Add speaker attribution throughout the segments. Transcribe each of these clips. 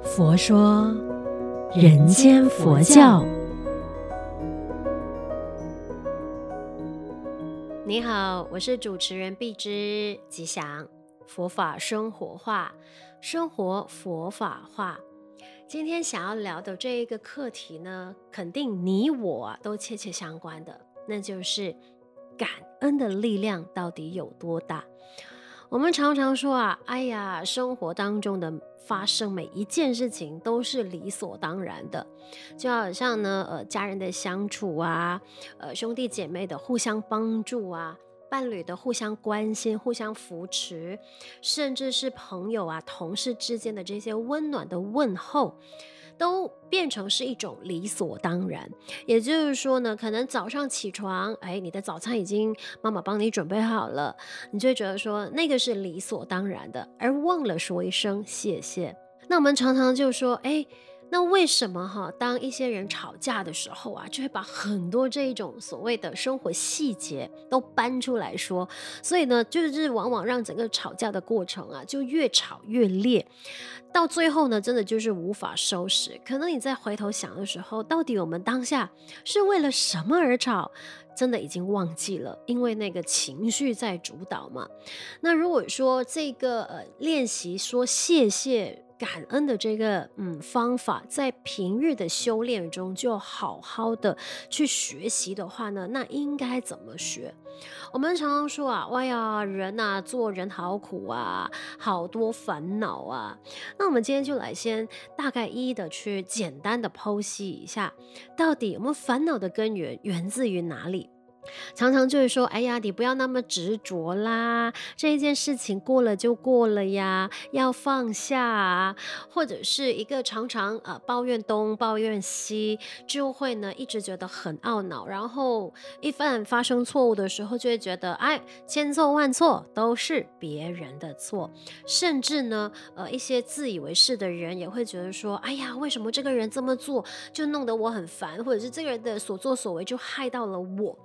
Speaker 1: 佛說人間佛教。你好，我是主持人碧枝，吉祥。佛法生活化，生活佛法化。今天想要聊的這一個課題呢，肯定你我都切切相關的，那就是感恩的力量到底有多大？我們常常說啊，哎呀，生活當中的發生每一件事情都是理所當然的，就好像呢，呃，家人的相處啊，呃，兄弟姐妹的互相幫助啊。伴侶的互相關心、互相扶持，甚至是朋友啊、同事之間的這些溫暖的問候，都變成是一種理所當然。也就是說呢，可能早上起床，哎，你的早餐已經媽媽幫你準備好了，你就會覺得說那個是理所當然的，而忘了說一聲謝謝。那我們常常就說，哎。那為什麼哈、啊？當一些人吵架的時候啊，就會把很多這一種所謂的生活細節都搬出來說，所以呢，就是往往讓整個吵架的過程啊，就越吵越烈，到最後呢，真的就是無法收拾。可能你再回頭想的時候，到底我們當下是為了什麼而吵？真的已經忘記了，因為那個情緒在主導嘛。那如果說這個呃練習說謝謝。感恩的這個嗯方法，在平日的修煉中，就好好的去學習的話呢，那應該怎麼學？我們常常說啊，哇、哎、呀，人吶、啊，做人好苦啊，好多煩惱啊。那我們今天就來先大概一一的去簡單的剖析一下，到底我們煩惱的根源源自於哪裡？常常就會說，哎呀，你不要那麼執着啦，這一件事情過了就過了呀，要放下啊。或者是一個常常呃抱怨東抱怨西，就會呢一直覺得很懊惱。然後一旦發生錯誤的時候，就會覺得哎，千錯萬錯都是別人的錯。甚至呢，呃一些自以為是的人也會覺得說，哎呀，為什麼這個人這麼做，就弄得我很煩，或者是這個人的所作所為就害到了我。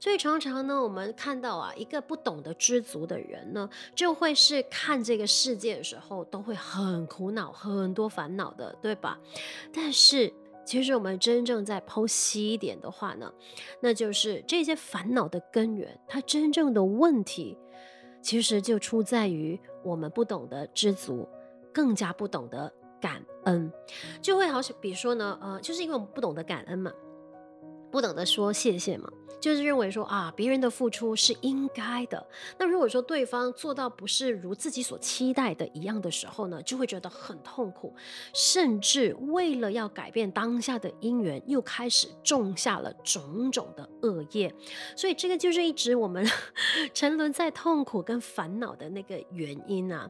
Speaker 1: 所以常常呢，我們看到啊，一個不懂得知足的人呢，就會是看這個世界的時候都會很苦惱、很多煩惱的，對吧？但是其實我們真正在剖析一點的話呢，那就是這些煩惱的根源，它真正的問題，其實就出在於我們不懂得知足，更加不懂得感恩，就會好像比如說呢，呃，就是因為我們不懂得感恩嘛。不懂得說謝謝嘛，就是認為說啊，別人的付出是應該的。那如果說對方做到不是如自己所期待的一樣的時候呢，就會覺得很痛苦，甚至為了要改變當下的因緣，又開始種下了種種的惡業。所以這個就是一直我們 沉淪在痛苦跟煩惱的那個原因啊。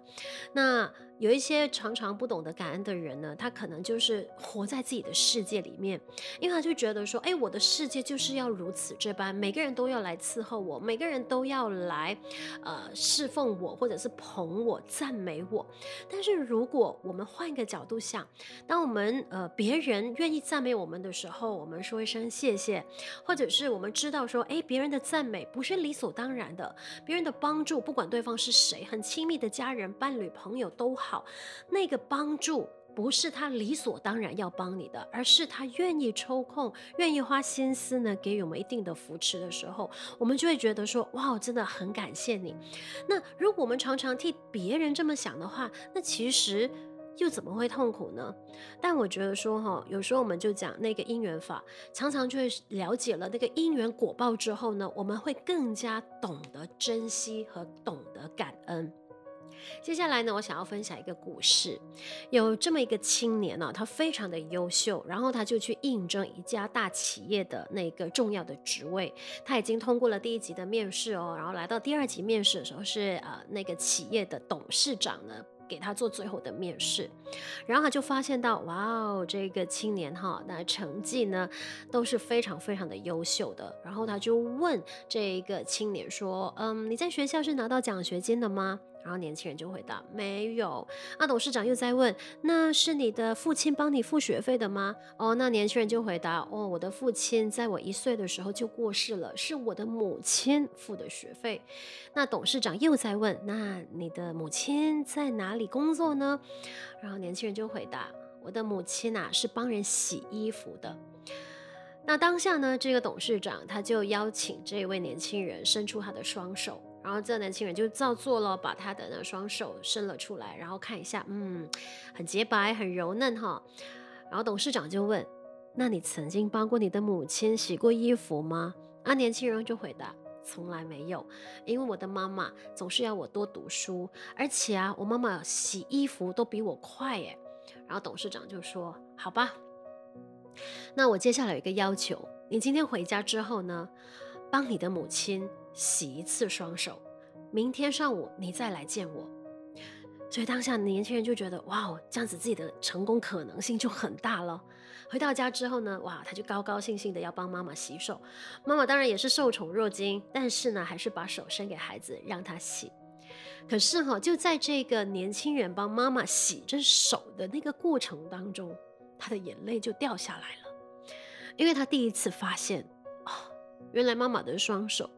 Speaker 1: 那有一些常常不懂得感恩的人呢，他可能就是活在自己的世界裡面，因為他就覺得說，哎，我的世界就是要如此這般，每個人都要來伺候我，每個人都要來，呃，侍奉我，或者是捧我、讚美我。但是如果我們換一個角度想，當我們呃別人願意讚美我們的時候，我們說一聲謝謝，或者是我們知道說，哎，別人的讚美不是理所當然的，別人的幫助，不管對方是誰，很親密的家人、伴侶、朋友都好。好，那個幫助不是他理所當然要幫你的，而是他願意抽空、願意花心思呢，給予我們一定的扶持的時候，我們就會覺得說，哇，真的很感謝你。那如果我們常常替別人這麼想的話，那其實又怎麼會痛苦呢？但我覺得說，哈，有時候我們就講那個因緣法，常常就會了解了那個因緣果報之後呢，我們會更加懂得珍惜和懂得感恩。接下來呢，我想要分享一個故事。有這麼一個青年呢、啊，他非常的優秀，然後他就去應徵一家大企業的那個重要的職位。他已經通過了第一級的面試哦，然後來到第二級面試的時候是，是呃那個企業的董事長呢給他做最後的面試。然後他就發現到，哇哦，這個青年哈，那成績呢都是非常非常的優秀的。然後他就問這個青年說：“嗯，你在學校是拿到獎學金的嗎？”然後年輕人就回答：“沒有。”啊，那董事長又在問：“那是你的父親幫你付學費的嗎？”哦，那年輕人就回答：“哦，我的父親在我一歲的時候就過世了，是我的母親付的學費。”那董事長又在問：“那你的母親在哪裡工作呢？”然後年輕人就回答：“我的母親啊，是幫人洗衣服的。”那當下呢，這個董事長他就邀請這位年輕人伸出他的雙手。然後這個年輕人就照做了，把他的那雙手伸了出來，然後看一下，嗯，很潔白，很柔嫩哈。然後董事長就問：“那你曾經幫過你的母親洗過衣服嗎？”啊，年輕人就回答：“從來沒有，因為我的媽媽總是要我多讀書，而且啊，我媽媽洗衣服都比我快耶。”然後董事長就說：“好吧，那我接下來有一個要求，你今天回家之後呢，”幫你的母親洗一次雙手，明天上午你再來見我。所以當下年輕人就覺得，哇，這樣子自己的成功可能性就很大了。回到家之後呢，哇，他就高高興興的要幫媽媽洗手。媽媽當然也是受寵若驚，但是呢，還是把手伸給孩子讓他洗。可是哈、啊，就在這個年輕人幫媽媽洗這手的那個過程當中，他的眼淚就掉下來了，因為他第一次發現。原來媽媽的雙手，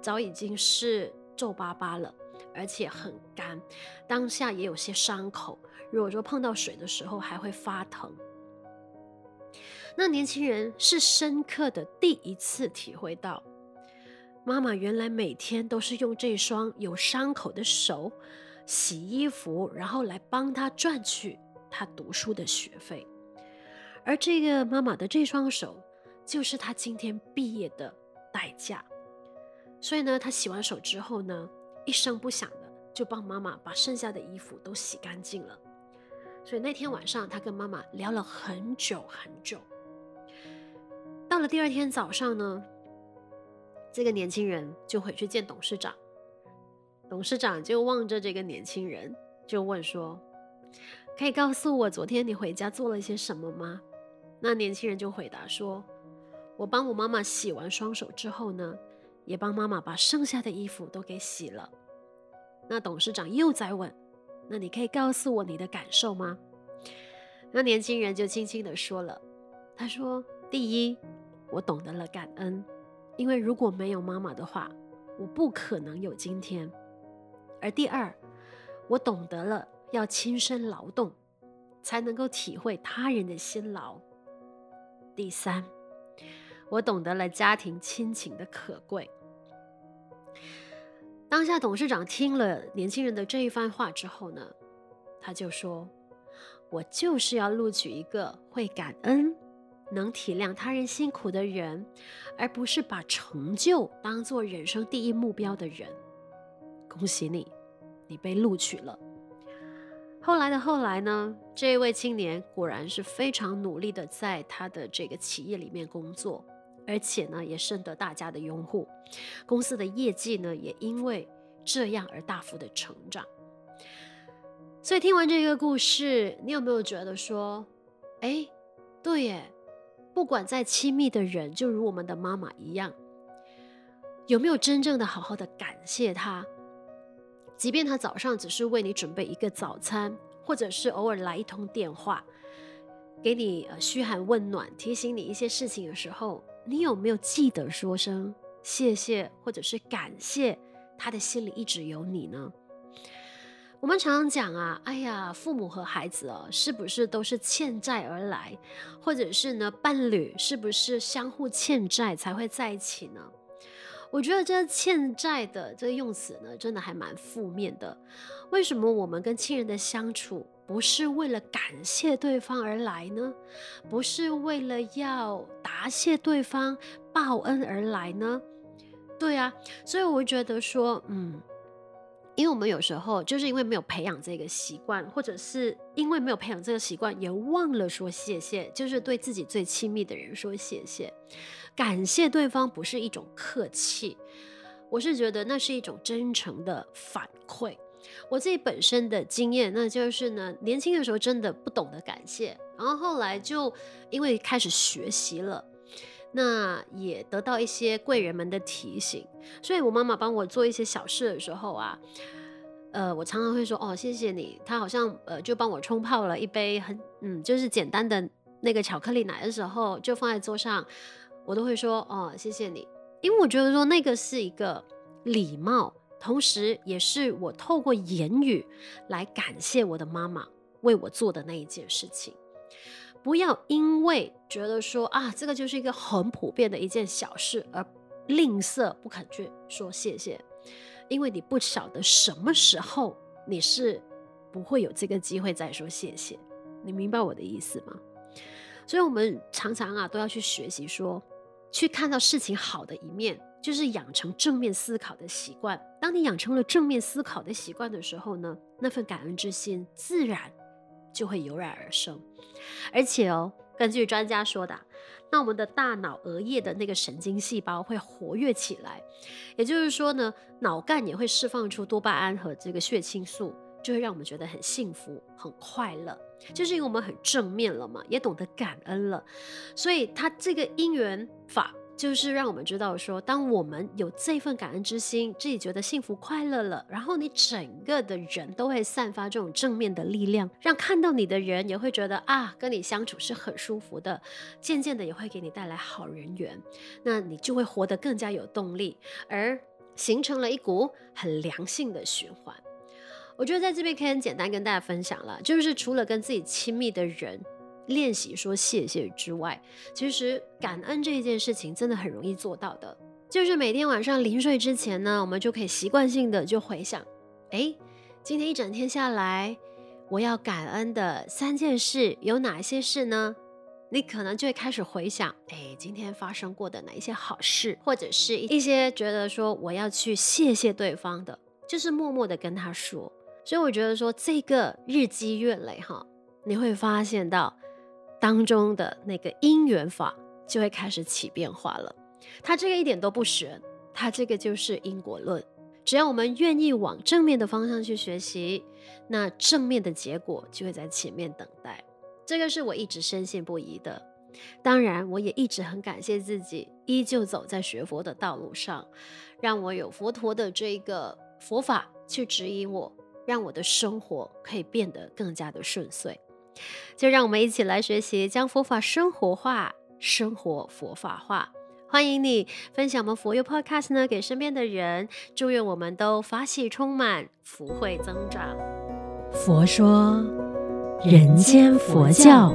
Speaker 1: 早已經是皺巴巴了，而且很乾，當下也有些傷口。如果說碰到水的時候，還會發疼。那年輕人是深刻的第一次體會到，媽媽原來每天都是用這雙有傷口的手洗衣服，然後來幫他賺取他讀書的學費。而這個媽媽的這雙手，就是他今天畢業的。代價，所以呢，他洗完手之後呢，一聲不響的就幫媽媽把剩下的衣服都洗乾淨了。所以那天晚上，他跟媽媽聊了很久很久。到了第二天早上呢，這個年輕人就回去見董事長。董事長就望着這個年輕人，就問說：“可以告訴我昨天你回家做了一些什麼嗎？”那年輕人就回答說，我幫我媽媽洗完雙手之後呢，也幫媽媽把剩下的衣服都給洗了。那董事長又在問：“那你可以告訴我你的感受嗎？”那年輕人就輕輕地說了：“他說，第一，我懂得了感恩，因為如果沒有媽媽的話，我不可能有今天。而第二，我懂得了要親身勞動，才能夠體會他人的辛勞。第三。”我懂得了家庭親情的可貴。當下董事長聽了年輕人的這一番話之後呢，他就說：“我就是要錄取一個會感恩、能體諒他人辛苦的人，而不是把成就當做人生第一目標的人。”恭喜你，你被錄取了。後來的後來呢，這一位青年果然是非常努力的，在他的這個企業裡面工作。而且呢，也深得大家的擁護，公司的業績呢也因為這樣而大幅的成長。所以聽完這個故事，你有沒有覺得說，哎，對耶，不管再親密的人，就如我們的媽媽一樣，有沒有真正的好好的感謝她？即便她早上只是為你準備一個早餐，或者是偶爾來一通電話，給你呃噓寒問暖，提醒你一些事情的時候。你有沒有記得說聲謝謝，或者是感謝，他的心裡一直有你呢？我們常常講啊，哎呀，父母和孩子哦，是不是都是欠債而來？或者是呢，伴侶是不是相互欠債才會在一起呢？我覺得這欠債的這個用詞呢，真的還蠻負面的。為什麼我們跟親人的相處，不是為了感謝對方而來呢？不是為了要答謝對方、報恩而來呢？對啊，所以我覺得說，嗯，因為我們有時候就是因為沒有培養這個習慣，或者是因為沒有培養這個習慣，也忘了說謝謝，就是對自己最親密的人說謝謝。感謝對方不是一種客氣，我是覺得那是一種真誠的反饋。我自己本身的經驗，那就是呢，年輕的時候真的不懂得感謝，然後後來就因為開始學習了，那也得到一些貴人們的提醒，所以我媽媽幫我做一些小事的時候啊，呃，我常常會說哦，謝謝你。她好像呃，就幫我沖泡了一杯很嗯，就是簡單的那個巧克力奶的時候，就放在桌上，我都會說哦，謝謝你，因為我覺得說那個是一個禮貌。同時，也是我透過言語來感謝我的媽媽為我做的那一件事情。不要因為覺得說啊，這個就是一個很普遍的一件小事而吝嗇不肯去說謝謝，因為你不曉得什麼時候你是不會有這個機會再說謝謝。你明白我的意思嗎？所以，我們常常啊都要去學習說，去看到事情好的一面，就是養成正面思考的習慣。當你養成了正面思考的習慣的時候呢，那份感恩之心自然就會油然而生。而且哦，根據專家說的，那我們的大腦額葉的那個神經細胞會活躍起來，也就是說呢，腦幹也會釋放出多巴胺和這個血清素，就會讓我們覺得很幸福、很快樂。就是因為我們很正面了嘛，也懂得感恩了，所以它這個因緣法。就是讓我們知道說，說當我們有這份感恩之心，自己覺得幸福快樂了，然後你整個的人都會散發這種正面的力量，讓看到你的人也會覺得啊，跟你相處是很舒服的，漸漸的也會給你帶來好人緣，那你就會活得更加有動力，而形成了一股很良性的循環。我覺得在這邊可以很簡單跟大家分享了，就是除了跟自己親密的人。練習說謝謝之外，其實感恩這一件事情真的很容易做到的。就是每天晚上臨睡之前呢，我們就可以習慣性的就回想：哎，今天一整天下來，我要感恩的三件事有哪些事呢？你可能就會開始回想：哎，今天發生過的哪一些好事，或者是一些覺得說我要去謝謝對方的，就是默默的跟他說。所以我覺得說這個日積月累哈，你會發現到。當中的那個因緣法就會開始起變化了。他這個一點都不玄，他這個就是因果論。只要我們願意往正面的方向去學習，那正面的結果就會在前面等待。這個是我一直深信不疑的。當然，我也一直很感謝自己，依舊走在學佛的道路上，讓我有佛陀的這個佛法去指引我，讓我的生活可以變得更加的順遂。就讓我們一起來學習，將佛法生活化，生活佛法化。歡迎你分享我們佛友 Podcast 呢，給身邊的人，祝願我們都法喜充滿，福慧增長。佛說，人間佛教。